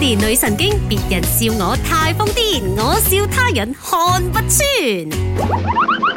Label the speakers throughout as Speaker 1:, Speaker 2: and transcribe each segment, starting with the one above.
Speaker 1: 連女神經，別人笑我太瘋癲，我笑他人看不穿。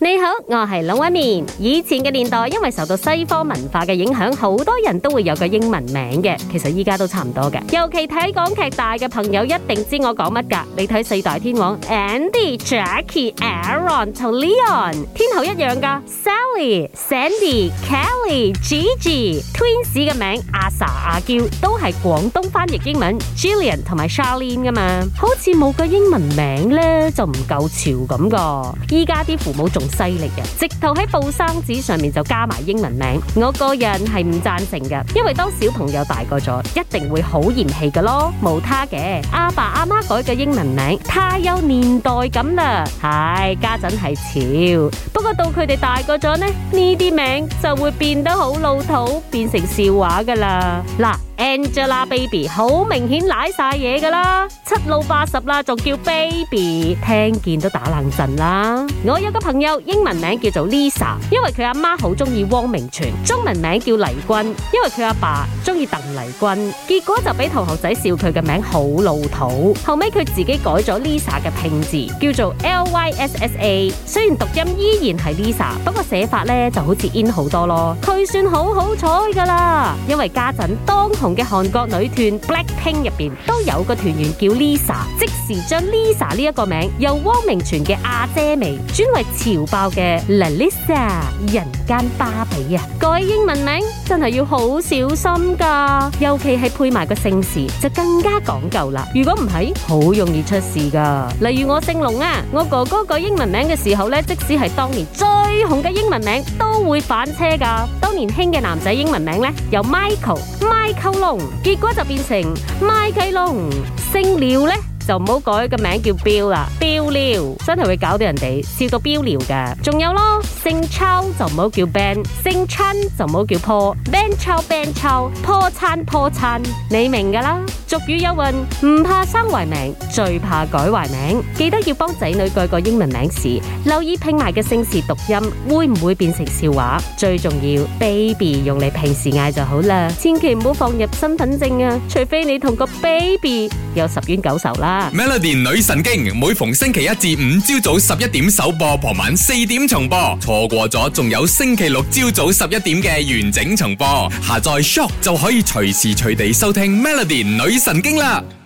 Speaker 1: 你好，我係龍紋敏。以前嘅年代，因為受到西方文化嘅影響，好多人都會有個英文名嘅。其實依家都差唔多嘅。尤其睇港劇大嘅朋友一定知我講乜噶。你睇《四大天王》，Andy、Jackie、Aaron 同 Leon，天后一樣噶。Sally、Sandy、Kelly、Gigi、Twins 嘅名，阿 sa、阿嬌都係廣東翻譯英文。Gillian 同埋 Charlene 噶嘛，好似冇個英文名咧，就唔夠潮咁個。依家啲父母仲犀利嘅，直頭喺報生紙上面就加埋英文名，我個人係唔贊成嘅，因為當小朋友大個咗，一定會好嫌棄噶咯，冇他嘅阿爸阿媽，媽改嘅英文名太有年代感啦，係家陣係潮，不過到佢哋大個咗呢，呢啲名就會變得好老土，變成笑話噶啦，嗱。Angelababy 好明顯瀨晒嘢，噶啦，七老八十啦，仲叫 baby，聽見都打冷震啦。我有個朋友英文名叫做 Lisa，因為佢阿媽好中意汪明荃，中文名叫黎君，因為佢阿爸中意鄧麗君，結果就俾同學仔笑佢嘅名好老土。後尾佢自己改咗 Lisa 嘅拼字，叫做 L Y S S A，雖然讀音依然係 Lisa，不過寫法咧就好似 in 好多咯。佢算好好彩噶啦，因為家陣當紅嘅韓國女團 BLACKPINK 入邊都有個團員叫 Lisa。即時將 Lisa 呢一個名由汪明荃嘅阿姐味轉為潮爆嘅 Lalisa，人間芭比啊！改英文名真係要好小心噶，尤其係配埋個姓氏就更加講究啦。如果唔係，好容易出事噶。例如我姓龍啊，我哥哥改英文名嘅時候咧，即使係當年最紅嘅英文名，都會翻車噶。年輕嘅男仔英文名呢，由 Michael Michael 龍，結果就變成 Michael 龍。姓廖呢，就唔好改個名叫彪啦，彪廖真係會搞到人哋笑到彪尿噶。仲有咯，姓周就唔好叫 Ben，姓陳就唔好叫 Paul。Ben 周 Ben 周，Paul 陳 Paul 陳，你明噶啦。俗語有云，唔怕生壞命，最怕改壞名。記得要幫仔女改個英文名時，留意拼埋嘅姓氏讀音會唔會變成笑話。最重要，baby 用你平時嗌就好啦，千祈唔好放入身份證啊！除非你同個 baby 有十冤九仇啦。Melody 女神經每逢星期一至五朝早十一點首播，傍晚四點重播。錯過咗仲有星期六朝早十一點嘅完整重播。下載 Shock 就可以隨時隨地收聽 Melody 女神經了。